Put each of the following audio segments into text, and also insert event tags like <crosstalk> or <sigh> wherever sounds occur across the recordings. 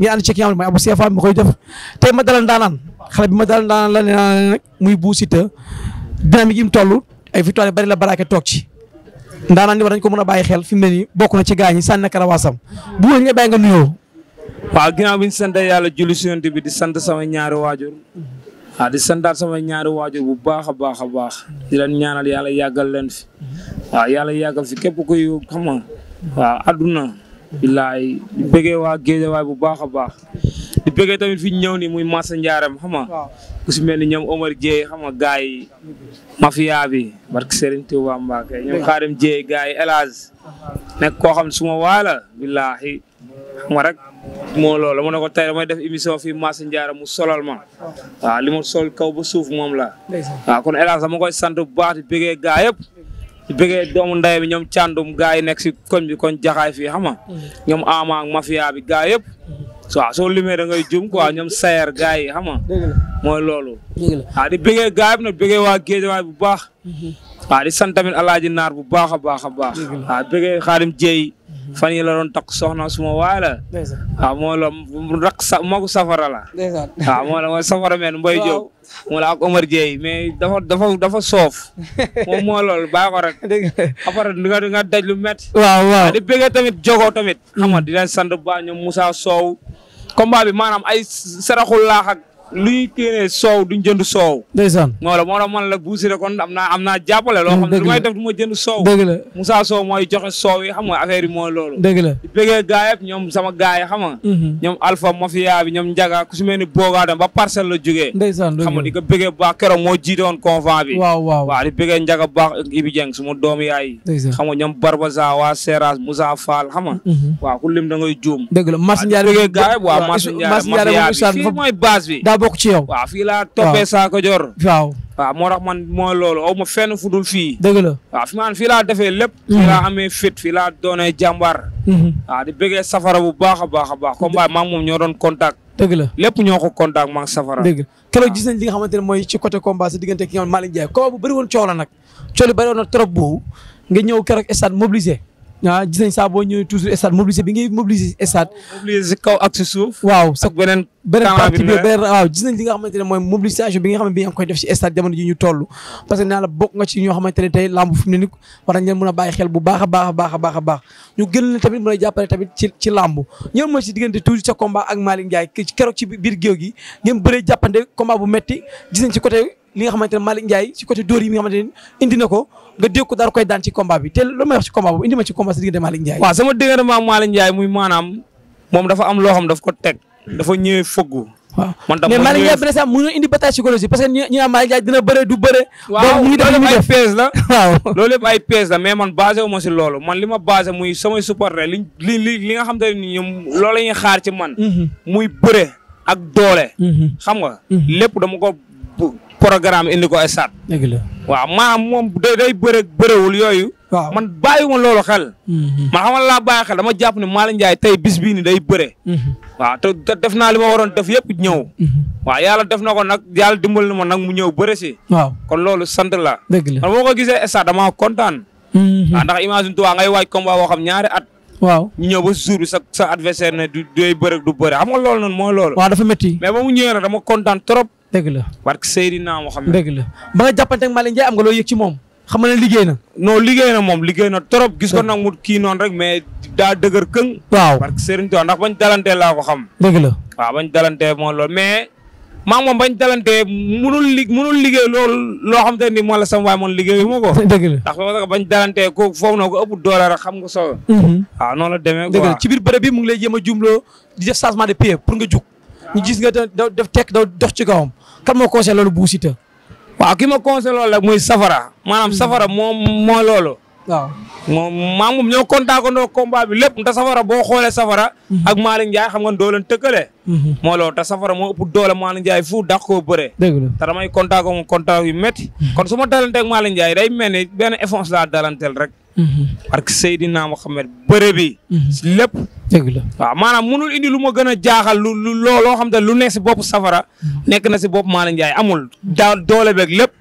ngeen ànd ci ki nga xam ne mooy Abou koy def tey ma dalal ndaanaan xale bi ma dalal ndaanaan la nee muy Bou Siteu dynamique yi mu toll ay victoire yu bari la baraake toog ci ndaanaan li war dañ ko mën a bàyyi xel fi mu ne nii na ci gaañ yi sànni na karawaasam bu wér nga bàyyi nga nuyoo. waaw ginnaaw bi ñu sant yàlla julli si yonent bi di sant sama ñaari waajur ah di santaat sama ñaari waajur bu baax a baax a baax di leen ñaanal yàlla yàggal leen fi waaw yàlla yàggal fi képp billaay di bëggee waa Géejawaay bu baax a baax di bëggee tamit fi ñëw ni muy Massa Ndiarème xam nga si mel ni ñoom Omar Dieye xam nga gars yi mafia bi barke Serigne Touba Mbacke ñoom Xaadim Dieye gars yi El Hadj nekk koo xam ne suma waala billaahi xam nga rek moo loolu ma ne ko tey damay def émission fi Massa Ndiarème mu solal ma waaw li ma sol kaw ba suuf moom la waaw kon El Hadj dama sant bu baax di bëggee gars yëpp bëggee doomu ndey bi ñoom càndum gars yi nekk si koñ bi koñ jaxaay fii xam mm-hmm. ñoom ama ak mafia bi gars yëpp mm-hmm. waaw soo limee da ngay jum quoi ñoom sayer gars yi nga mooy loolu waaw di bëggee gars yëpp nag bëggee waa géejawaay bu baax mm-hmm. waaw di sant alaaji naar bu baax a baax a baax waaw bëggee xaadim jéey Mhm. fan yi la doon takk soxna suma waay la. waaw ah, moo la rak sa moo ko safara la. waaw ah, moo la mooy safara men Mboy Diop. moo ak Omar Dieye mais dafa dafa soof. moom moo loolu baax ko rek. après nga nga ah, di bëggee tamit jogoo tamit. xam nga di leen sant bu baax ñoom Moussa Sow. combat ay saraxul laax lu ñuy téenee soow duñ jënd soow ndeysaan moo la moo tax man la buusire kon am naa am naa jàppale loo mm, xam ne lu may def du ma jënd soow dëgg la Moussa Sow mooy joxe soow yi xam nga affaire yi mooy loolu dëgg la bëggee gaa sama gaa yi xam nga mm-hmm. ñoom bi ñoom Njaga ku si mel ni Boogaa dem ba parcelle la jógee ndeysaan xam nga di ko bëggee bu baax keroog moo jiite woon convent bi waaw waaw waaw di bëggee Njaga bu Ibi Dieng suma doomu yaay xam nga Barbaza waa Seras Moussa Fall xam nga mm-hmm. ku lim da ngay juum dëgg la Mas Ndiaye bëggee gaa yëpp waaw Mas Ndiaye bokk ci yow. waaw fii laa toppee saako jor. waaw moo tax man mooy loolu aw ma fenn fu dul fii. dëgg la waaw fii laa defee lépp. fii mhm. laa amee fit fii laa doonee jàmbaar. Mhm. waaw di bëggee safara bu baax a baax a baax. comme waaye maa moom ñoo doon contact. dëgg la lépp ñoo ko contact maa ngi safara. dëgg la keroog gis nga xamante ne mooy ci côté combat sa diggante ki nga xam Malick Ndiaye combat bu bëri woon nag coow li bëri trop boobu nga ñëw keroog stade mobilisé ah gis nañ saa boo ñëwee toujours stade mobilisé bi ngay mobilisé stade. mobilisé si kaw ak bi nga xamante ne mooy mobilisation bi nga xam ne bi nga koy def ñu toll. parce que naa la bokk nga ci ñoo xamante ne tey lamb fi mu ne nii war nañ leen mën a bàyyi xel bu baax a baax a baax a a ñu gën leen tamit mën a jàppale tamit ci ci lamb ñoom mooy si diggante toujours sa combat ak Malick Ndiaye keroog ci biir géew gi ngeen bëree jàppande combat bu metti gis nañ ci côté li nga xamante ne Malick Ndiaye ci côté dóor yi nga xamante ne indi na ko nga dégg ko daal koy daan ci combat bi te lu may ci combat boobu indi ma ci combat si diggante Malick Ndiaye. waaw sama diggante maa Malick muy maanaam moom dafa am loo daf ko teg dafa ñëwee foggu. waaw mais Malick Ndiaye benn saa mën na indi parce que ñu ñu naan dina bëre du bëre. <laughs> loolu yëpp ay la waaw man basé wu ma si loolu man li ma basé muy samay supporter li li li nga xam te ne ñoom loolu la ñuy xaar ci man. Mhm. muy bëre ak doole. Mhm. xam nga mhm. lépp dama ko programme indi ko stade. dëgg la waaw maanaam moom day bëre bërewul yooyu. waaw man bàyyiwuma loolu xel. Mm-hmm. man xamal laa bàyyi xel dama jàpp ne Malick Ndiaye tey bis bii ni day bëre. Mm-hmm. waaw te def naa li ma waroon def yëpp ñëw. Mm-hmm. waa yàlla def na ko nag yàlla dimbali na ma nag mu ñëw bëre si. kon loolu sant la. dëgg la ko gisee stade damaa ah, ndax imagine toi ngay waaj combat boo xam ñaari at. waaw ñu ñëw ba jour sa sa adversaire ne du day bëre du bëre xam nga loolu noonu mooy loolu. waaw dafa métti. mais ba mu ñëwee nag dama kontaan trop. dëgg la barke Seydina xam dëgg la ba nga jàppanteeg Malick Ndiaye am nga loo yëg ci moom xam na ne liggéey na noo liggéey na moom liggéey na trop gis ko nag mu noonu rek mais daa dëgër këng waaw barke Serigne Touba ndax bañ dalantee laa ko xam dëgg la waaw bañ dalantee moo loolu mais maa ngi moom bañ dalantee munul li munul liggéey loolu loo xam te ni moo la sama waay moom liggéey ma ko <laughs> dëgg la ndax parce que bañ dalantee ko foofu na ko ëpp doole rek xam nga soo mm-hmm. waaw noonu la demee dëgg la ci biir bërëb bi mu ngi lay jéem a jumloo di def changement de pied pour nga jug ñu gis nga def tek daw dox ci kawam kan moo conseillé loolu Bou Siteu waaw ki ma conseillé loolu rek muy safara maanaam hmm. safara moom moo loolu. waaw moom maa moom ñoo kontaakandoo combat bi lépp te safara boo xoolee safara. Hmm. ak Malick Ndiaye xam nga doo leen tëkkale. Hmm. moo loolu te safara moo ëpp doole Malick Ndiaye fu dax koo bëree. dëgg la te damay kontaakoo moom kontaak yu métti. kon su ma dalanteeg Malick day mel ni benn effort laa dalanteel rek. parce mm-hmm. que Seydina Mohamed bëre bi. Mm-hmm. si lépp. dëgg la waaw maanaam munul indi lu ma gën a jaaxal lu lu loo xam ne lu nekk si bopp safara. Mm-hmm. nekk na si bopp Malick Ndiaye amul daa doole beeg lépp.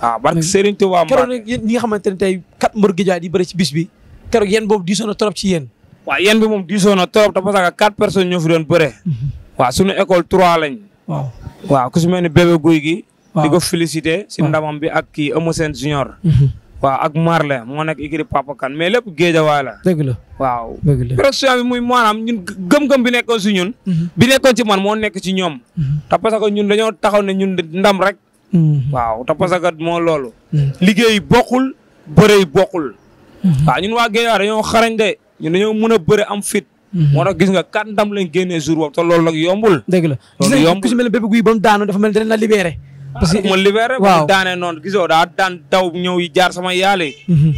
waaw barke Serigne Touba Mbacke. keroog yéen ñi nga xamante ne tey kat mbër gi jaay di bëri ci bis bi keroog yéen boobu diisoo na trop ci yéen. waaw yéen bi moom diisoo na trop te parce que quatre ñoo fi doon bëre. waaw suñu école trois lañ. waaw waaw ku si mel ni bébé gi. di ko féliciter ak kii Eumeu Sène Junior. waa ak Marley moo nekk écurie Papa Kane mais lépp géejawaay la. dëgg la waaw. dëgg la pression bi muy maanaam ñun gëm bi nekkoon si ñun. Mhm. bi nekkoon ci man moo nekk ci ñoom. Mhm. te parce que ñun dañoo taxaw ne ñun dam rek. Mhm. waaw te parce que moo loolu. liggéey bokkul bëre yi bokkul. waaw ñun waa géejawaay dañoo xarañ de ñun dañoo mën a bëre am fit. moo na gis nga kan ndam lañ génnee jour boobu te loolu yombul. dëgg la gis nañ ku guy ba daanu dafa mel ne dinañ la parce que ma libéré. waaw daanee noonu gisoo daa daan daw ñëw yi jaar sama yàlla yi. Mhm.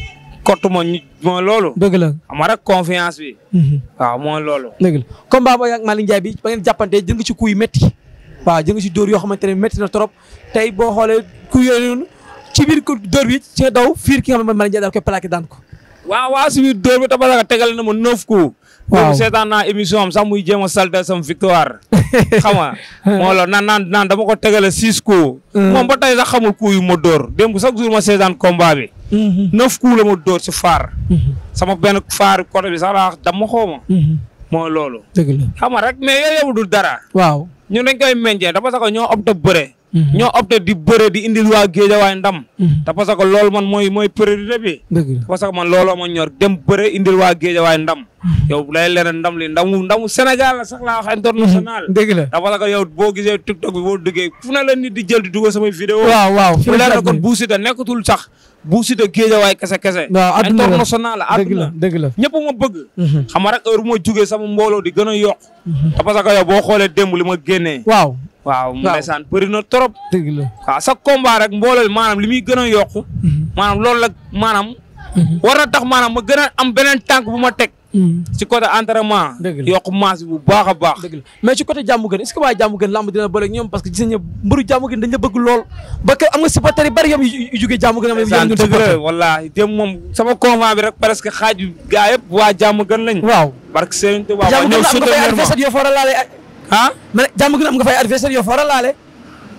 kott ma ñu mooy loolu. dëgg la xam rek bi. Mhm. waaw mooy loolu. dëgg la combat booy ak Malick Ndiaye bi ba ngeen jàppante jëng ci kuy métti. waaw jëng ci dóor yoo xamante ne métti na trop tey boo xoolee ku yooyu noonu ci biir bi ci daw fiir ki nga xam ne Malick Ndiaye daan ko. waaw waaw si biir dóor bi tabax tegal na ma neuf coups. waaw seetaan naa émission am sax muy jéem a salté sam victoire. <laughs> xam moo la naan naan dama ko tegale six coups. Euh. moom ba tey sax xamul coups yu ma dóor démb chaque jour ma seetaan combat bi. Mhm. neuf coups la ma dóor si faar. Mhm. sama benn faar côté bi sax laa dama xoo ma. Mhm. loolu. dëgg rek mais yooyu dul dara. waaw ñun dañ koy meññee dafa sax ñoo opté Mm-hmm. ñoo opté di bëre di indil waa Géejawaay ndam. Mm-hmm. te parce lool man mooy mooy priorité bi. parce que man looloo ma ñor dem bëre indil waa Géejawaay ndam. Mm-hmm. yow lay leneen ndam li ndamu ndamu Sénégal la sax laa wax international. dëgg la te parce yow boo gisee TikTok bi boo duggee fu ne la nit di jël di dugal samay vidéo. waaw waaw fu da na kon nekkatul sax. bu si de géejawaay kese kese. waaw adduna la international la dëgg la dëgg la ñëpp ma bëgg. Mhm. xam nga rek heure bu ma jugee a yokk. Mhm. parce que yow boo xoolee démb li ma génnee. waaw waaw ndeysaan bëri na trop. dëgg la waaw sa combat rek mbooloo maanaam li muy gën a yokk. Mhm. maanaam loolu la maanaam. war na tax ma gën a am beneen tànk bu ma teg. ci mm. côté entraînement. yokk maas bu baax a baax. mais ci côté jàmm gën est waa jàmm gën lamb dina bëri ñoom parce que gis nañu mbëru jàmm gën dañ la bëgg lool ba am nga supporter yi bëri yam yu jugee gën. am ñu supporter wallaahi dem gën lañ. waaw parce que Serigne Touba waa ñëw ah mais jàmm gën am nga fay adversaire yoo fa a laale.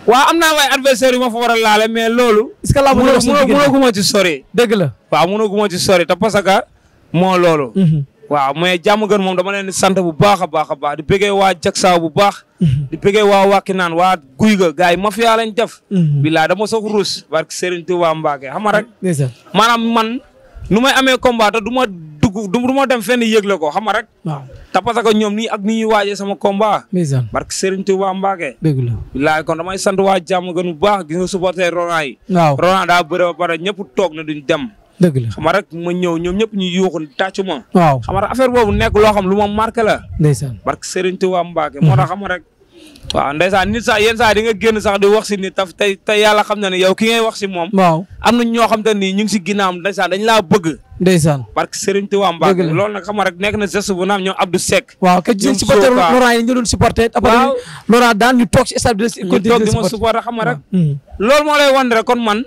waaw am naa ay adversaire yu ma fa war a laale mais loolu. est-ce que gu ma ci sori. dëgg la waaw mënoo gu ma ci sori te parce que waaw mais jàmm gën moom dama leen di sant bu baax a baax a baax di bëggee waa Jaksaaw bu baax. Mhm. di bëggee waa Wakinaan waa guy ga gars yi mafia lañ def. Mhm. bilaay dama soog ruus barke Serigne Touba Mbacke xam nga rek. maanaam man nu may amee combat du ma dugg du ma dem fenn yëgle ko xam nga rek. waaw te que ñoom nii ak ni ñuy waajee sama combat. ndeysaan barke Serigne Touba Mbacke. dëgg la bilaay kon damay sant waa jàmm gën bu baax gis nga supporter Rona yi. waaw Rona daa bëre ba pare ñëpp toog na duñ dem. dëgg la xam nga rek ma ñëw ñoom ñëpp ñu yuuxu tàccu ma. waaw xam nga affaire boobu nekk loo xam lu ma marqué la. barke Serigne Touba Mbacke moo mhm. tax rek. waaw ndeysaan nit sax yenn si nit taf tey tey yàlla bëgg. ndeysaan parce que Serigne Touba Mbacke loolu nag xam rek nekk na geste bu naam ñoom Abdou Seck. waaw waaw après Laurent supporter xam mhm. moo lay wan rek kon man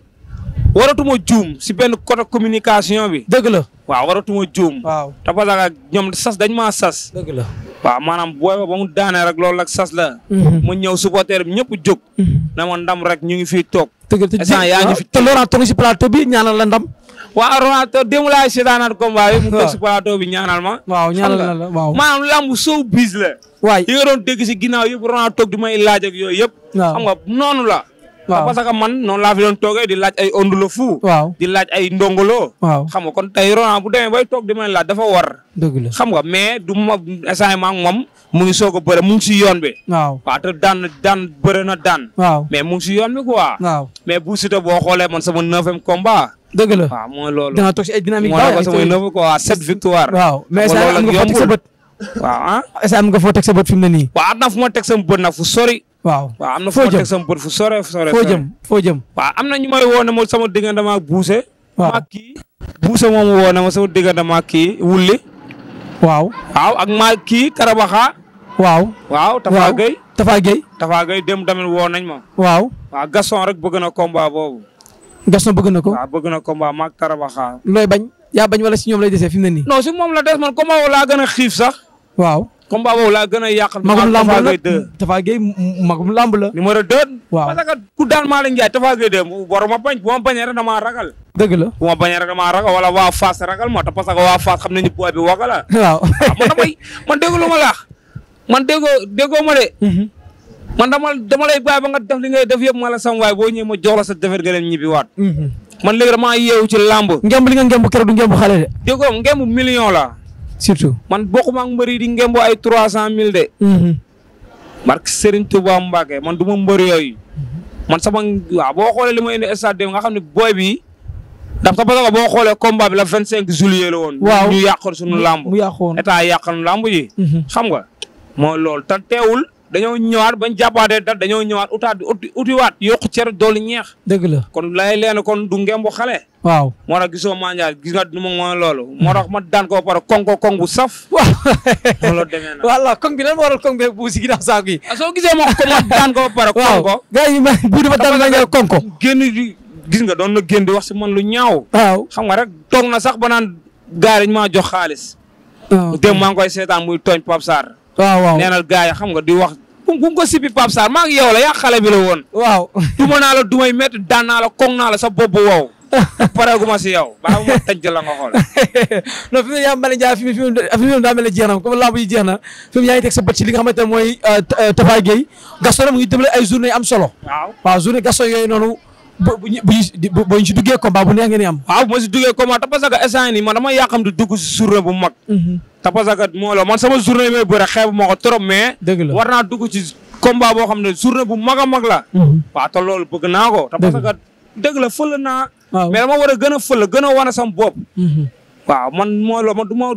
waratuma juum si benn côté communication bi. dëgg la waaw waratuma juum. waaw te parce que ñoom sas dañ maa sas. dëgg la waaw maanaam booy ba mu daanee rek loolu ak sas la. Mhm. mu ñëw supporter bi ñëpp jóg. Mhm. na ma ndam rek ñu ngi fii toog. dëgg la te yaa ngi fi te Laurent toog si plateau bi ñaanal la ndam. waa Laurent démb laay seetaanaat combat bi mu <laughs> toog si plateau bi ñaanal ma. waaw ñaanal la waaw maanaam lamb sow bis la. waay yi nga doon dégg si ginnaaw yëpp Laurent toog di may laaj ak yooyu yëpp. xam nga noonu la. waaw parce que man noonu laa fi doon toogee di laaj ay Ondou le waaw di laaj ay Ndongolo. waaw xam kon tey Rona bu demee bay toog di ma laaj dafa war. dëgg xam nga mais du ma instant moom mu ngi soog a mu ngi si yoon bi. waaw waaw te daan daan na daan. waaw mais mu ngi si yoon bi quoi. waaw mais bu Siteu boo xoolee man sama neuvième combat. dëgg la waaw mooy loolu. dana toog si ay dynamique baax mooy sama victoire. waaw mais instant am nga ah. sa bët. fi mu ne waaw waaw am na foo teg sama bët fu jëm foo jëm waa am na ñu may woo ne ma sama diggante ma buuse waaw kii buuse moomu woo ne sama diggante ma kii wulli waaw waaw ak maa kii karabaxa waaw waaw Tafa Gueye Tafa Gueye Tafa Gueye dem tamit woo nañ ma waaw waaw Gaston rek bëgg na combat boobu Gaston bëgg na ko waaw bëgg na combat maag karabaxa looy bañ yaa bañ wala si ñoom la desee fi mu ne nii non si moom la des man combat wala laa gën a xiif sax waaw combat boobu laa gën a yàqal. magum lamb la Tafa la. numéro 2. waaw parce ku daan Malick Ndiaye Tafa Gueye de waruma bañ bu ma bañee rek damaa ragal. dëgg la bu ma bañee rek damaa ragal wala waa Fass ragal ma te parce que waa Fass xam nañu poids bi waga la. <laughs> waaw ah, man damay man déggu lu ma laax man déggoo déggoo ma de. Mm-hmm. man dama dama lay bàyyi ba nga def li ngay def yëpp ma la sam waay boo ñëwee ma jox sa defar nga leen ñibbiwaat. Mm-hmm. man léegi damaa yeewu ci lamb. ngemb li nga ngemb keroog du ngemb xale de. déggoo ngemb million la surtout man bokkuma ak mbëri di ngemboo ay trois cent mille de. Mm-hmm. barke Serigne Touba Mbacke man du ma mbër yooy man sama waaw boo xoolee li ma indi stade nga xam ne booy bi ndax ta parce que boo xoolee combat la vingt cinq juillet la woon. waaw ñu yàqoon suñu lamb. mu yàqoon état yàqoon lamb yi. Mm-hmm. xam nga mooy loolu te teewul. dañoo ñëwaat bañ jàppaatee dat dañoo ñëwaat utaat uti utiwaat yokku cer doolu ñeex dëgg la kon lay leen kon du ngemb xale waaw moo tax gisoo mandiaay gis nga nu ma mooy loolu moo tax ma daan ko pare koŋ ko koŋ bu saf waaw loolu demee na voilà koŋ bi lan waral koŋ yi ah, soo gisee ma ko ma daan ko pare koŋ ko gars yi ma bu ko génn di gis nga doon na génn di wax si man lu ñaaw waaw xam nga rek na sax ba naan gars yi maa jox xaalis dem maa koy seetaan muy tooñ Pape waaw waaw neenal gars yi nga di wax ku mu ko sipi Pape Sarr maa ngi yow la yaa xale bi la woon. waaw duma naa la dumay métti daan naa la koŋ naa la sa bopp wow. pareegu ma si yow baax ma tëj la nga xool. <laughs> non fi mu ne yaa mel ne Ndiaye na comme laabu yi jeex na fi mu yaa ngi teg sa euh, euh, am solo. waaw waaw journée Gaston yooyu noonu bu bu bu bu ñu si duggee combat bu neex ngeen di am. waaw bu ma si duggee combat te parce que instant yii nii man dama yàqam di bu mag. Mm-hmm. te parce que moo la man sama journée yi may bëre xeebu ma ko trop mais. dëgg la war naa dugg ci combat boo xam ne journée bu mag a mag la. Mhm. waaw te loolu bëgg naa ko. te parce que dëgg la fële naa. mais dama war a gën a fële gën a wane sama bopp. Mhm. waaw man moo la man du ma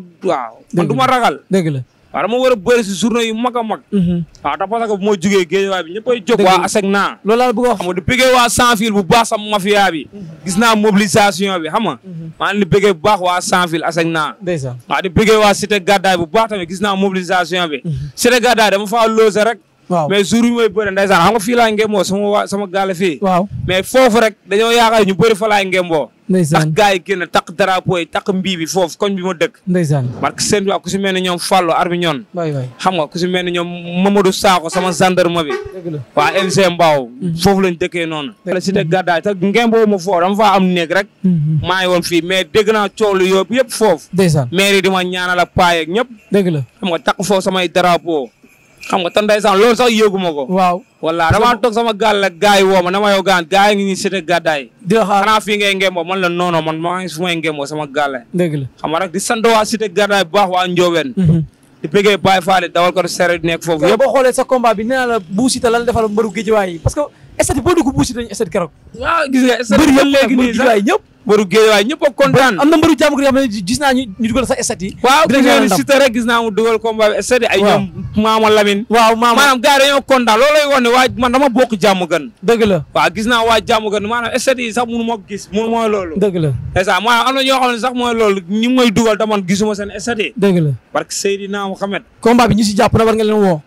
du ma ragal dëgg la. waaw dama war a si journée yu mag a mag. Mhm. waaw te parce bu ma jugee géej waay bi ñëppay jóg. waa ASEC naa. loolu a wax xam nga di bëggee waa sans fil bu baax sa mafia bi. Mhm. gis naa mobilisation bi xam nga. Mhm. bu baax waa sans fil ASEC naa. ndeysaan waaw di bu baax gis naa mobilisation bi. Cité Gaddaay dama faa loose rek. waaw mais jour yu may bëri ndeysaan xam nga fii laa ngemboo sama waa sama gaale fii. waaw mais foofu rek dañoo yaakaar ñu bëri fa laay ngemboo ndeysaan ak gars yi génn takk drapeau yi takk mbii bi foofu koñ bi ma dëkk. ndeysaan parce que seen bi ku si mel ne ñoom Fallou Armiñon. waay waay xam nga ku si mel ne ñoom Mamadou Sakho sama gendarme bi. dëgg la waa NG Mbao. Mhm. foofu lañ dëkkee noonu. dëgg si dëkk gàddaay te ngemboo ma foofu dama faa am néeg rek. Mhm. maa ngi woon fii mais dégg naa coow lu yóbbu yëpp foofu. ndeysaan maire yi di ma ñaanal ak paa yeeg ñëpp. dëgg la xam nga takk foofu samay drapeau. xam nga tan ndeysaan loolu sax yëguma ko. waaw wala damaa toog sama gaal la gars yi woo ma dama yow gaan gars yi ngi nii cité gàddaay. di la xaar xanaa fii ngay ngémboo man la noono man maa ngi su may sama gaal la. dëgg la xam nga rek di sant waa cité gàddaay bu baax waa Ndiobène. Mhm. di bëggee Baye Fall dawal ko di seere nekk foofu yëpp. boo xoolee sa combat bi nee naa la bu lan defal mbëru géejewaay yi parce que stade boo dugg buusi dañu stade keroog. waaw ah, gis nga stade bi léegi nii sax ñëpp. mbaru géej kontaan. am na mbaru jàmm yoo xam gis naa ñu ñu dugal sax stade yi. gis naa mu dugal combat bi stade waaw maama maanaam gars yi dañoo kontaan loolu lay wax ne waa man jàmm gan. dëgg la waaw gis naa waa jàmm gan maanaam stade yi sax mënu gis mënu mooy loolu. dëgg la c'est ça ñoo xam ne sax mooy loolu ñi may dugal te man gisuma seen stade yi. dëgg la parce que Seydina Mohamed. combat bi ñu si jàpp na war nga leen woo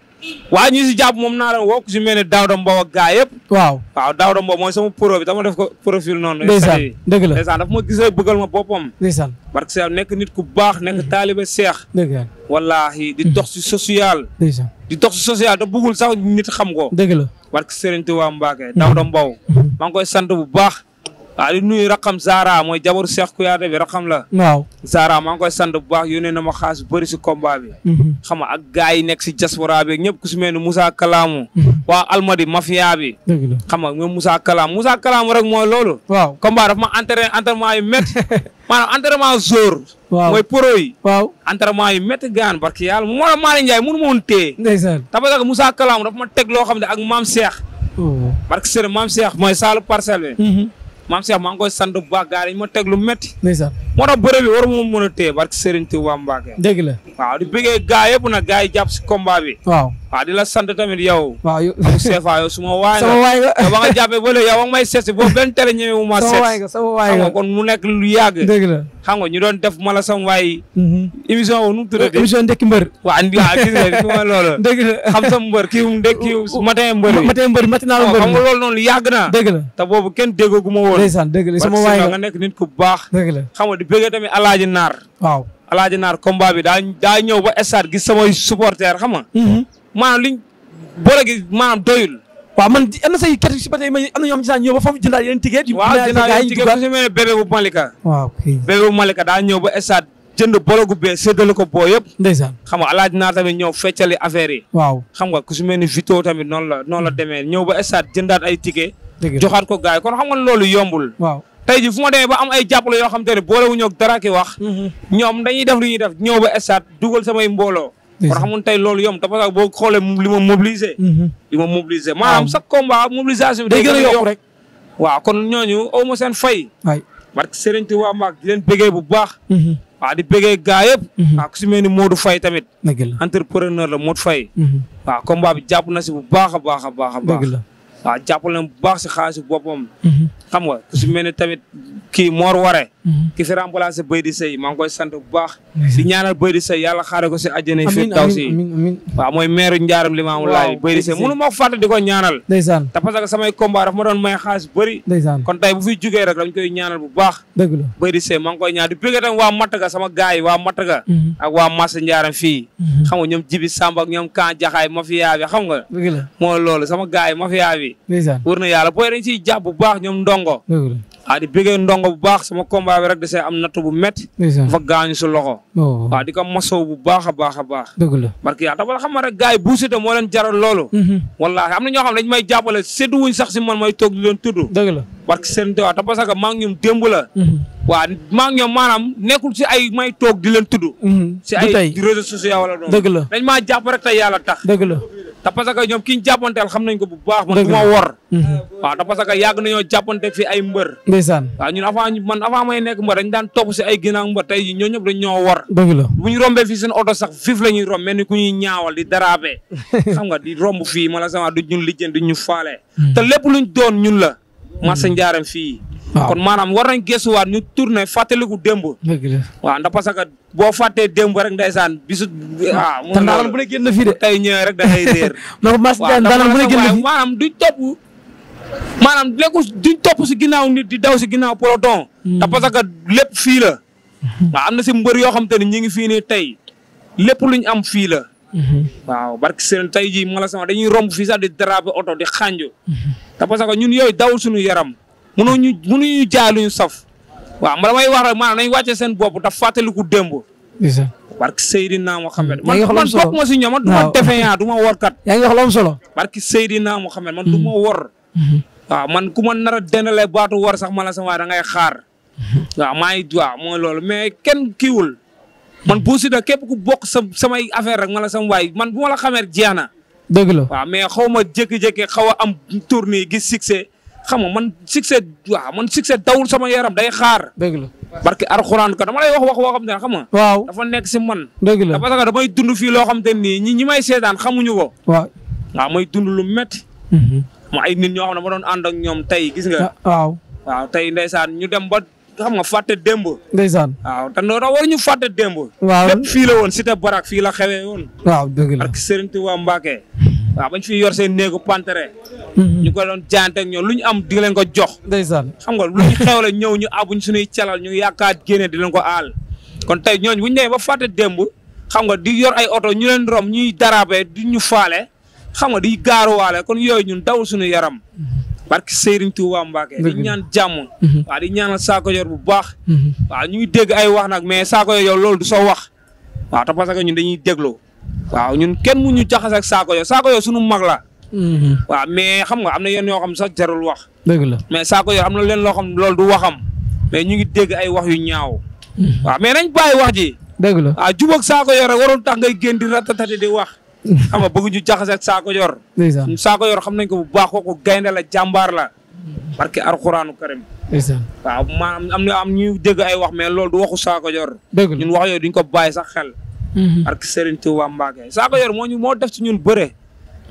waa ñu si jàpp moom naa doon woo ku si mel ne Daouda Mbow ak gaa yëpp. waaw waaw Daouda Mbow mooy sama pro bi dama def ko profil noonu. ndeysaan dëgg la ndeysaan dafa ma gis rek bëggal ma boppam. ndeysaan parce que nekk nit ku baax nekk taalibe seex. dëgg la wallaahi di mm. dox si social. di dox si social te bëggul sax nit xam ko. dëgg la parce que Serigne Touba Mbacke Daouda mm. Mbow. Mm. bu baax. waaw di nuyu Rakam Zara mooy jabaru Cheikh Kouyaté bi Rakam la. waaw Zara maa ngi koy sant bu baax yónnee na ma xaas bu bëri si combat bi. Mhm. xam nga ak gars yi nekk si diaspora bi ñëpp ku si mel ni mhm. Almadi mafia bi. dëgg la xam nga mooy loolu. waaw combat ma entraîné entraînement yu métti <laughs> maanaam entraînement zóor. waaw mooy pro yi. waaw entraînement gaan barki yàlla moo la Malick Ndiaye mënu ma woon téye. ndeysaan tabax Moussa Kalamu ma teg loo xam ne ak maam Cheikh. Oh. barki sëriñ maam Cheikh mooy saalu parcelle maam Cheikh maa ngi koy sant bu baax gars yi ma teg lu métti. moo tax bëre bi war moom mën a téye barke Serigne Touba Mbacke dëgg la waaw di bëggee gaa yëpp nag gaa yi jàpp si combat bi di la sant tamit yow waa yow Sefa yow suma waay nga <laughs> sama waay nga yow ba nga jàppee ba léegi yow ak may seet boobu benn tere ñëwee ma sama waay nga sama waay nga kon mu nekk lu yàgg dëgg la xam nga ñu doon def mala sama waay mm-hmm. émission wo nu mu tuddee émission ndekki mbër waaw andi waaw gis nga fi ma <laughs> sa mbër kii mu ndekki <laughs> matin mbër matin mbër matinal mbër xam nga loolu noonu na te boobu kenn déggoo gu ma woon ndeysaan dëgg sama waay nga nekk nit ku baax bëggee tamit alaaji naar waaw alaaji naar combat bi daa daa ñëw ba stade gi samay supporter xam nga mm-hmm. maanaam liñ boole gi maanaam doyul waaw man am na say si ba tey ma am na ñëw ba foofu jëndaat yeneen ticket waaw jëndaat yeneen ticket ku si mel ne bébé bu Malika waaw bébé bu Malika ko boo yëpp ndeysaan xam nga alaaji naar tamit ñëw feccali affaire yi waaw xam nga ku si mel ni Vito tamit noonu la noonu la mm-hmm. demee ñëw ba stade jëndaat ay ticket joxaat ko gars yi kon xam nga loolu yombul waaw tey ji fu ma demee ba am ay jàppale yoo xam te ne boolewuñu ak dara ki wax. Mhm. ñoom dañuy def li ñuy def ñëw ba stade dugal samay mbooloo. kon xamun tey loolu yom te parce que boo xoolee li ma mobiliser. Mhm. li ma mobiliser maanaam chaque combat mobilisation bi. day gën yokk rek waaw kon ñooñu aw ma seen fay. waay parce que Serigne Touba Mbacke di bu baax. Mhm. waaw di bëggee gaa yëpp. waaw ku si mel ni Modou Faye tamit. entrepreneur la Modou fay waaw combat bi jàpp na si bu baax a baax a baax a baax. waaw jàppal na bu baax si xaalisu boppam. Mhm. xam nga ku si mel ne tamit kii Mor Ware. Mhm. ki si remplacé di Sey maa ngi koy sant bu baax. di ñaanal Béy di Sey yàlla xaare ko si àjjana fi taw si. waaw mooy maire Ndiarème Limamou Laye Béy di Sey mënu ma ko fàtte di ko ñaanal. ndeysaan te parce que samay combat ma doon may xaalis bu bëri. ndeysaan kon tey bu fi jugee rek dañ koy bu baax. dëgg la di Sey maa ngi koy ñaan di bëgg tam waa Mataga sama gaay wa waa Mataga. Mhm. ak waa Massa Ndiarème fii. xam nga ñoom Jibi Samba ak ñoom Kan Jaxaay mafia bi yi. wër na yàlla booy dañ siy jàpp bu baax ñoom ndongo. ah di bëggee ndongo bu baax sama combat bi rek da see am natt bu métti. dafa gaañu su loxo. Oh, oh, oh. waaw di ko masow bu baax a baax a baax. dëgg la parce que yaa tax xam nga rek gars yi buusite moo leen jaral loolu. Mm-hmm. wallaahi am na ñoo xam ne dañu may jàppale séddu wuñ sax si man may toog di leen tudd. dëgg la parce que seen teewaat parce maa ngi ñoom démb la. Mm-hmm. waaw ñoom maanaam nekkul si ay may toog di leen tudd. Mm-hmm. si ay réseaux sociaux wala noonu. dëgg la dañ maa jàpp yàlla tax. dëgg te parce que ñoom ki ñu jàppanteel xam ko bu baax. man du ma wor. Mm-hmm. waaw te parce que yàgg nañoo jàppante fi ay mbër. ndeysaan waaw ñun avant man avant may nekk mbër dañ daan topp si ay ginnaaw mbër tey ñoo ñëpp dañ ñoo wor. bu ñu rombee fii seen oto sax fif la ñu romb me ni ku ñuy ñaawal di daraabee. <laughs> xam nga di romb fii mala sama du ñun lijjeen du ñu faale. Mm-hmm. te lépp luñ doon ñun la. Mm-hmm. masa njaaram fii kon maanaam war nañ gëstuwaat ñu tourné fàttaliku démb. waa ndax parce boo fàttee démb rek ndeysaan bisu. ah mu bu ne génn fii de. tey ñëwee rek da ngay réer. <laughs> non mas daanaka bu ne génn fii maanaam duñ topp. maanaam si ginnaaw nit di daw si ginnaaw peloton. Hmm. ndax parce que lépp fii la. Hmm. am na si mbër yoo xam te ñu ngi fii nii tey lépp luñ am fii la. Hmm. waaw barke seen tey jii ma la dañuy romb fiisa sax di drapeau oto di xànju. te parce ñun yooy dawul suñu yaram. mënoo ñu mënuñu jaay lu ñu saf. waa ma damay wara rek maanaam nañ wàcce seen bopp daf fàttaliku démb. incha barki Seydina naa mm, yaa ngi wax man bokk ma si ñoom man du ma defee du ma wor kat. yaa ngi solo lu am solo. naa Seydina Mohamed man du mm. ma wor. Mm-hmm. waaw man ku man nar a dendalee baatu wor sax ma la sama ngay xaar. Mm-hmm. maa ngi waaw mooy loolu mais kenn kiiwul. man mm-hmm. Bou Siteu képp ku bokk sa samay affaire rek ma la waay man bu ma la xamee jeex na. dëgg la mais xaw ma jékki-jékki xaw a am tournée gis xam nga man succès waaw man succès sama yaram day xaar. dëgg la parce que alxuraan ko dama wax wax woo xam te ne xam nga. waaw dafa nekk man. dëgg la parce que damay dund fii loo xam te nii ñi may seetaan xamuñu ko. waaw waaw may dund lu métti. Mhm. ma ay nit ñoo xam na ma doon ànd ak ñoom tey gis nga. Ah, waaw tey tey saan ñu dem ba. xam nga demb démb. ndeysaan waaw te noonu war ñu fàtte demb waaw lépp fii la woon Cité Barak fii la xewee woon. waaw dëgg la ak waaw ñu fi yor seen néegu pantere mhm. ñu ko doon jaante lu ñu am di leen ko jox ndeysaan xam nga lu ñu xewle ñëw ñu abuñ suñuy calal ñu yaakaar génne di leen ko aal kon tey ñooñ bu ñu demee ba fàtte démb xam nga di yor ay oto ñu leen rom ñuy darabe di ñu faale xam nga di gaaruwaale kon yooyu ñun dawul suñu yaram mhm. barke tu Touba Mbacke di ñaan jàmm mhm. waaw di ñaanal Sakho Dior bu baax waaw ñu ngi dégg ay wax nag mais Sakho Dior yow loolu du sa wax waaw te parce que ñun dañuy dégloo waaw ñun kenn mu ñu jaxas ak saako yo saako yo sunu mag la. Mhm. waaw mais xam nga am na yenn yoo xam sax jarul wax. dëgg la mais saako yo am na leen loo xam loolu du waxam mais ñu ngi dégg ay wax yu ñaaw. Mhm. waaw mais nañ bàyyi wax ji. dëgg la ah jubóog saako yor rek waroon tax ngay génn di ratatati di wax. Mhm. xam nga bëgg ñu jaxase ak saako yor. ndeysaan saako yor xam nañ ko bu baax kooku gaynde la jàmbaar la. parce que alxuraanu karim. ndeysaan waaw maanaam am na am ñu dégg ay wax mais loolu du waxu saako yor. dëgg ñun wax yooyu duñ ko bàyyi sax xel. Mhm. ak Serigne Touba Mbacke Sakho Yor moo ñu moo def ci ñun bëre.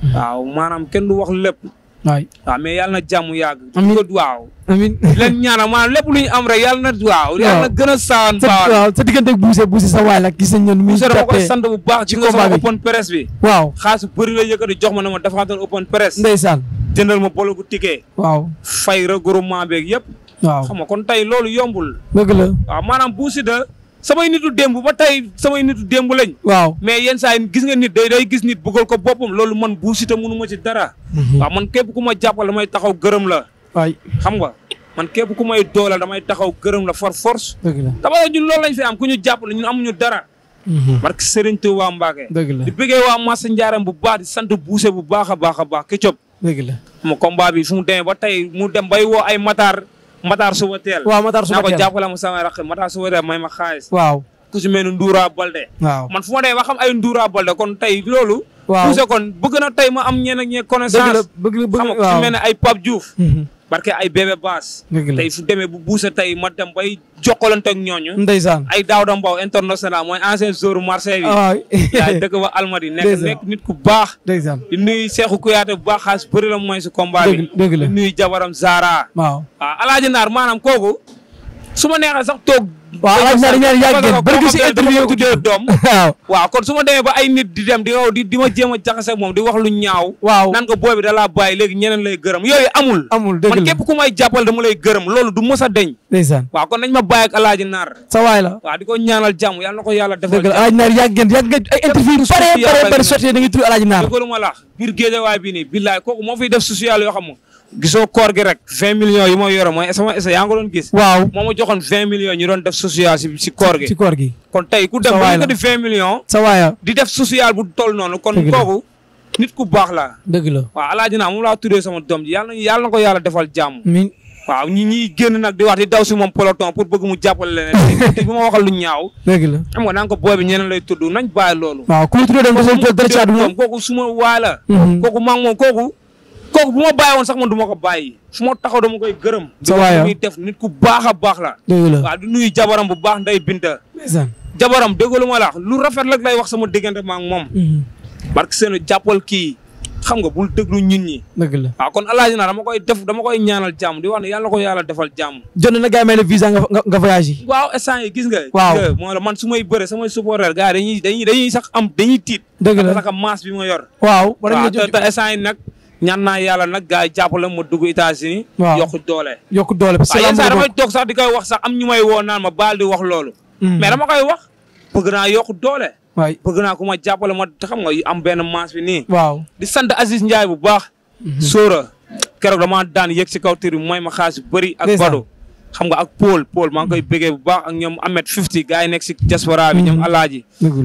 Mhm. waaw maanaam kenn du wax lépp. waay waaw mais yàlla na jàmm yàgg. amiin ko waaw. amiin leen ñaanal maanaam lépp lu ñu am rek yàlla na. waaw yàlla na gën a saan. waaw sa diggante ak buuse buuse sa waay la gis nañ ne muy. jàppee dama koy bu baax. ci combat bi open press bi. waaw xaalis bëri la yëkkati jox ma ne ma dafa xam ne open press. ndeysaan jëndal ma bolo bu ticket. waaw fay regroupement beeg yëpp. waaw xam nga samay nitu démb ba tey samay nitu démb lañ. waaw mais yenn saa yi gis nga nit day day gis nit bëggal ko boppam loolu man Bou Siteu mënu ma ci dara. Mhm. waaw man képp ku ma jàppal damay taxaw gërëm la. xam nga man képp ku may dooleel damay taxaw gërëm la for force. dëgg la ñun loolu lañ fi am ku ñu jàppale ñun amuñu dara. Mhm. barke Serigne Touba Mbacké. dëgg la di bëggee waa Massa Ndiarème bu baax di sant buuse bu baax a baax a baax Ketchup. dëgg la mu combat bi fu mu demee ba tey mu dem bay woo ay Matar. Matar suba teel. waaw Matar suba teel naa ko jàppale ma sama rakk Matar suba may ma xaalis. waaw ku si mel ni Ndoura Balde. waaw man fu ma dee xam ay Ndoura Balde kon tey loolu. waaw kon bëgg na tey ma am ñenn ak ñee connaissance. dëgg bëgg bëgg waaw mel ne ay Pape Diouf. Mm-hmm. barke ay bébé baas tey su demee bu buusa tey ma dem bay jokkalante ak ñooñu ndeysaan ay Daouda Mbow international mooy ancien joueur Marseille bi yaay dëkk ba Almadi nekk nit ku baax di nuyu Cheikhou Kouyaté bu baax xaalis bëri la mooy si combat bi di nuyu jabaram Zara waaw ah, Naar maanaam kooku su ma neexee sax toog waaw alaaj naar ñaar yaa ngeen bërëg si ko tuddee <laughs> kon su ma demee ba ay nit di dem di nga di ma jéem a jaxase moom di wax lu ñaaw waaw naan ko booy bi da laa bàyyi léegi ñeneen lay gërëm yooyu amul amul dëgg la man képp ku may jàppal dama lay gërëm loolu du mos a deñ ndeysaan waa kon nañ ma bàyyi ak naar sa waay la waaw di ko ñaanal jàmm yal na ko yàlla defal dëgg la alaaj naar yaa ngeen yaa ngeen ay interview bare bare bare sottee da ngay tudd alaaji naar dëgg la ma la biir géejawaay bi nii billaay kooku moo fiy def social yoo xam gisoo koor gi rek vingt millions yi ma yore mooy esa yaa nga doon gis. waaw moo ma joxoon vingt millions ñu doon def social si koor gi. kon tey ku dem vingt millions. sa di def social bu toll noonu. kon kooku nit ku baax la. dëgg la waaw alaaji naa moom laa tuddee sama doom ji yàlla na yàlla na ko yàlla defal jàmm. waaw ñi ñiy génn nag di wax di daw si moom peloton pour bëgg mu jàppale leneen te <laughs> bu ma waxal lu ñaaw dëgg la xam nga naan ko booy bi ñeneen lay tudd nañ bàyyi loolu waaw ku la kooku mhm. maa ngi kooku bu ma bàyyi woon sax man du ma ko bàyyi su ma taxaw dama koy gërëm. sa waay muy ah. def nit ku baax a baax la. dëgg la du nuyu jabaram bu baax nday Binta. jabaram déggalu ma la lu rafet lak lay wax sama diggante ma ak moom. parce que seen jàppal kii xam nga bul déglu ñun ñi. dëgg la waaw kon alaaji na dama koy def dama koy ñaanal jàmm di wax ne yàlla ko yàlla defal jàmm. jënd na gars may la visa nga nga voyage yi. waaw instant yi gis nga. waaw man su may bëre samay supporter gars dañuy dañuy dañuy sax am dañuy tiit. dëgg la parce bi ma yor. waaw war nañu la jot waaw te ñaan naa yàlla nag gars yi jàppale ma dugg États-Unis waaw yokku doole yokku doole parce que yenn saa sax di koy wax sax am ñu may woo naan ma baal di wax loolu mm. mais dama koy wax bëgg naa yokku doole bëgg naa ku ma jàppale ma xam nga am benn maas bi nii waaw di sant Aziz Ndiaye bu baax mm-hmm. sóora keroog damaa daan yëg si kaw tur mooy ma xaalis bu bëri ak bado xam nga ak Paul Paul maa ngi koy bëggee bu baax ak ñoom Ahmed Fifty gars yi nekk si diaspora bi ñoom mm-hmm. Alaaji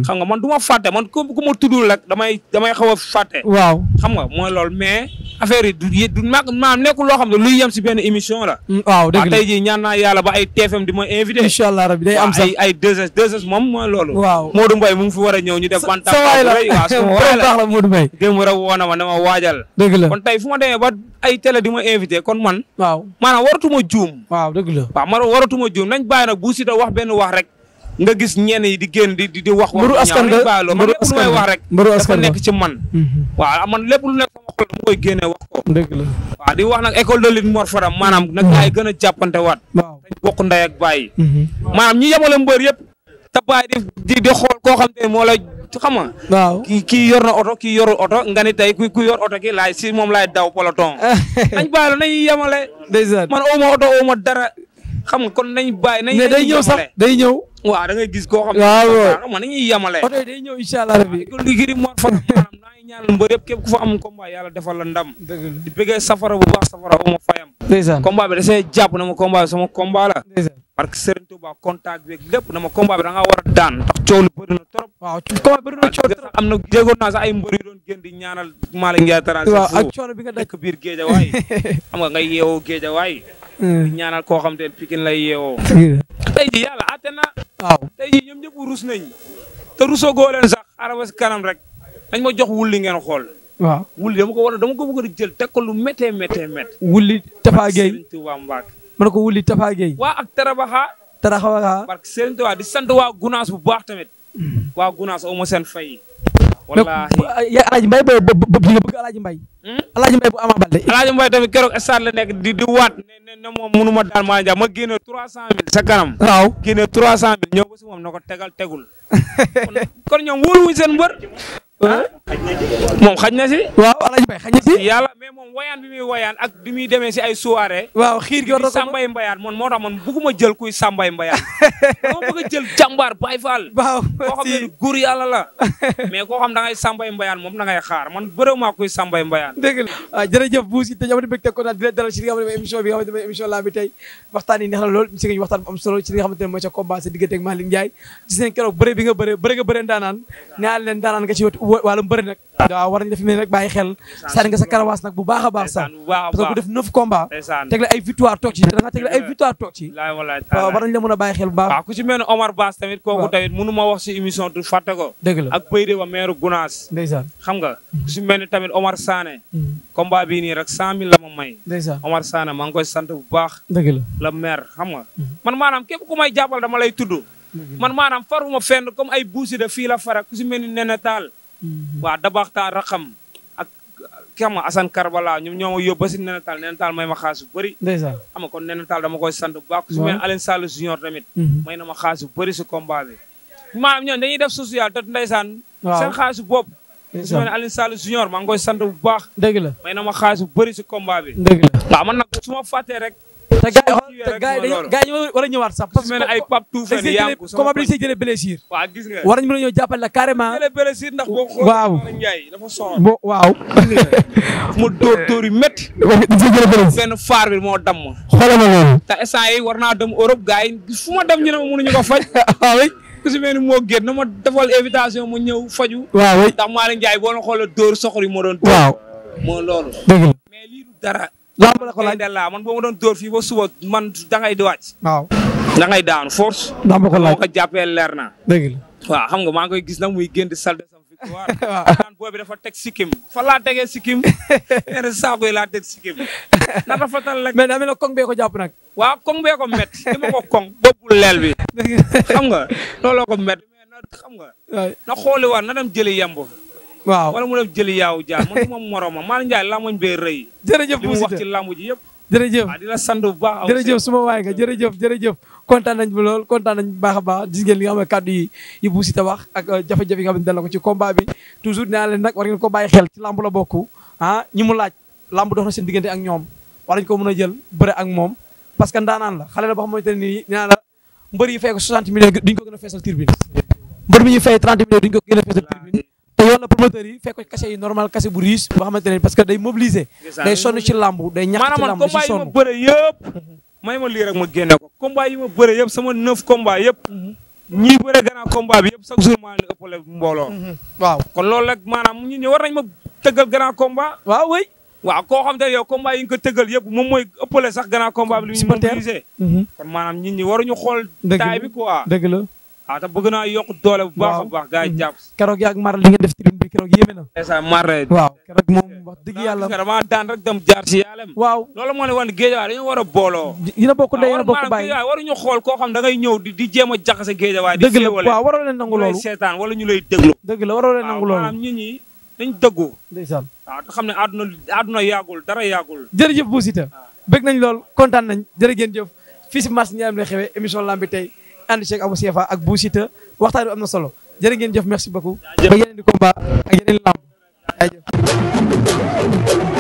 xam nga man du ma fàtte man ku ma tuddul rek damay damay xaw a fàtte waaw xam nga mooy lool mais affaire yi du du maanaam nekkul loo xam ne luy yem si benn émission la. Mm, waaw dëgg la tey jii ñaan naa yàlla ba ay TFM di ma invité. incha allah day am ay ay 2S moom mooy loolu. waaw Modou Mbaye mu ngi fi war a ñëw ñu def. sa waay la sa waay la <laughs> Modou Mbaye. na ma dama waajal. dëgg la kon tey fu ma demee ba ay télé di ma invité kon man. waaw maanaam waratuma juum. waaw dëgg la waaw man waratuma juum nañ bàyyi nag bu si da wax benn wax rek. nga gis ñenn yi di génn di di wax. mbiru askan la mbiru askan la wax rek. mbiru askan dafa nekk ci man. Mhm. waaw ah, man lépp lu nekk sama xol dama koy génnee wax ko. la waaw di wax nag école de lutte Mor Fadam maanaam nag mhm. gars yi gën a jàppante waat. ak bàyyi. Mhm. maanaam ñi yemale mbër yëpp. te bàyyi di di xool koo xam te moo la xam nga. waaw kii na oto ki yorul oto nga ni tey ku yor oto ki laay si moom laay daw peloton. <laughs> nañ bàyyi la nañ yemale. man ooma oto ooma dara. xam nga kon nañ bàyyi nañ. mais day ñëw sax day ñëw. waaw gis koo xam ne. waaw xam nga day ñëw incha allah rabbi. kon li giri moo fa naa ngi ñaanal mbër yëpp ku fa am combat yàlla defal la ndam. di bëggee safara bu baax safara bu ma fayam. ndeysaan combat bi da jàpp na ma combat bi sama combat parce que Serigne Touba contact beeg lépp na ma combat bi da ngaa a daan ndax coow lu na trop. waaw coow bëri na coow trop am na jéegoon naa sax ay mbër yu doon génn di ñaanal Malick Ndiaye Taras. waaw ak bi nga dëkk biir géejawaay <laughs> xam nga ngay yeewoo Mm. ñaanal koo xam te ne Pikine lay yeewoo. tey jii yàlla àtte na. waaw tey jii ñoom ñëpp rus nañ te rusoo goo leen sax araba kanam rek dañ ma jox wulli ngeen xool. waaw wulli dama ko war a dama ko bëgg a jël teg ko lu méttee wulli Tafa Gueye ma ne ko wulli Tafa Gueye. waa ak Tarabaxa. Tarabaxa. parce que di sant waa Gunaas bu baax tamit. Mm. waa Gunaas aw ma fay. wallaahi euh, yaa Alaaji Mbaye boobu boobu di nga bëgg Alaaji Mbaye. Hmm? Alaaji Mbaye bu Ama Baldé. Alaaji Mbaye tamit keroog stade la nekk di di waat ne ne moom mënu ma daal maa njaam ma génne 300000 sa kanam. waaw génne 300000 ñëw ba si moom na ko tegal tegul. <laughs> kon ñoom wóolu wuñ seen mbër. moom xaj na si. waaw Alaaji Mbaye xaj na si. yàlla mais moom wayaan bi muy wayaan ak bi muy demee si ay soirée. waaw xiir gi war na ko sàmbay mbayaan man moo tax man bëgguma jël kuy sàmbay mbayaan. <laughs> dama bëgg a jël jàmbaar Baay Faal. waaw koo xam la. <laughs> mais koo xam da ngay sàmbay mbayaan moom da ngay xaar man bërëmaa kuy sàmbay mbayaan. dëgg la ah, jërëjëf Bou Siteu ñu di leen dalal bi nga xam ne tey waxtaan yi neex na lool si nga ñu waxtaan bu am solo si li sa combat sa diggante ak Malick Ndiaye gis nañ keroog bëre bi nga bëre bëre ndaanaan ñaar leen ndaanaan nga ci wetu wàllum bëri nag waaw war nañ def ne rek bàyyi xel sànni nga sa karawaas nag bu baax a baax sax parce que ku def neuf combat teg ay victoire toog ci da nga teg la a bàyyi xel ku ci mel Omar Bass tamit kooku tamit mënu ma wax si émission du fàtte ko dëgg la ak Bayde ba maire Gunaas ndeysaan xam nga mm-hmm. ku ci mel tamit Omar Sané mm-hmm. combat bii nii rek cent mille la ma may ndeysaan Omar Sané maa ngi koy sant bu baax dëgg la la maire xam nga mm-hmm. man maanaam képp ku may jàppal dama lay tudd man maanaam faruma fenn Mm-hmm. waa dabaxtaa raxam ak ki xam nga Assane Karbala ñoom ñoo ma yóbbu ba si nenatal nenatal may ma xaalis bu bëri xam nga kon nenatal dama koy sant bu baax su mel Alioune Sall junior tamit mm-hmm. may na ma xaalis bu si combat bi maam ñoom dañuy def social te ndeysaan seen xaalis maa ngi koy sant bu baax dëgg la may na ma xaalis bu bëri si combat bi dëgg la waaw man nag su rek te gars yi gars yi war a ñëwaat sax parce que ay pap tout fen yam ko comme dañ see jëlee blessure waaw gis nga war nañ mën a ñëw jàppale la carrément jëlee blessure ndax boo xool waaw Ndiaye dafa sonn bo waaw <laughs> mu dóor dóor yu métti <laughs> benn faar bi moo dam xoolal ma loolu te instant yi war naa dem Europe gars yi fu ma dem ñu ne ma mënuñu ko faj waaw <laughs> ah ku si mel ni moo génn na ma defal invitation mu ñëw faju waaw ah ndax Malick Ndiaye boo na xoola dóor soxor yi moo doon waaw moo loolu dëgg la mais lii du dara laa ko laaj la man boo ma doon dóor fii ba suba man da ngay di wàcc. waaw da ngay daanu force. laa ma ko leer na. dëgg la waaw xam nga maa ngi koy gis nag muy gën di salde sam victoire. <laughs> waaw naan boobi dafa teg sikkim. fa laa tegee sikkim. <laughs> nee saako yi laa teg sikkim. na rafetal rek. mais daa mel bee ko jàpp nag. waaw koŋ bee ko met li ma ko koŋ boppul leel bi. xam nga looloo ko met mais <laughs> na xam nga. na xooli war na dem jëli yemb. waaw wala mu def jël yaaw jaar man moom moromam Malick Ndiaye lamañ bee rëy. jërëjëf Bou Siteu li mu wax ci lamb ji yëpp. jërëjëf ah, di la sant bu baax. jërëjëf su ma waay nga jërëjëf jërëjëf kontaan nañ bu lool kontaan nañ bu baax a baax gis ngeen li nga xam ne kàddu yi wax ak euh, jafe-jafe ko ci combat bi toujours dinaa leen nag war ngeen ko bàyyi xel ci lamb la bokk ah, ñi mu laaj lamb dox na seen diggante ak ñoom war nañ ko mën a jël bëre ak moom parce que ndaanaan la xale la boo xamante ne nii dinaa la mbër yi fay millions duñ ko mi ñuy ko gën a feesal turbine te yoon la promoteur yi fekk kase yi normal kase bu riche boo xamante ne parce que day mobiliser. day sonn ci làmb day ñàkk ci làmb day sonn yi ma bëre yëpp. rek ma génne ko combat yi ma bëre sama neuf combat yëpp. ñii bëre gannaaw combat bi yëpp chaque jour maa ngi ëppale mbooloo. waaw kon loolu rek maanaam ñu war nañ ma tëggal gannaaw combat. waaw oui. waaw koo xam te yow combat yi nga ko tëggal yëpp moom mooy ëppale sax gannaaw combat bi. li ñu mobiliser mhm. kon maanaam war ñi waruñu xool taay bi quoi dëgg la ah te bëgg naa yokk doole bu baax a baax gars yi jàpp mm-hmm. keroog yaag mar li nga def tribune bi keroog yéeme na ndeysaan mar waaw keroog moom wax dëgg yàlla dama daan rek dem jaar si yàllam waaw loolu moo ne wan géejawaay dañu war a booloo dina bokk ndey dina ah, bokk bàyyi waaw waruñu xool koo xam da ngay ñëw di di jéem a jaxase géejawaay dëgg la waaw waroo leen nangu loolu seetaan wala ñu lay déglu dëgg la waroo leen nangu ah, loolu maanaam ñit ñi dañ dëggu ndeysaan waaw ah, te xam ne àdduna àdduna yàggul dara yàggul jërëjëf Bou Siteu bëgg nañ lool kontaan nañ jërëgéen jëf fii si Mass Ndiaye la xewee émission lamb bi tey ànd ceeg Abou Sefa ak Bou Siteu waxtaan bi am na solo jërë ngeen jëf merci beaucoup. ba yeneen di combat ak yeneen lamb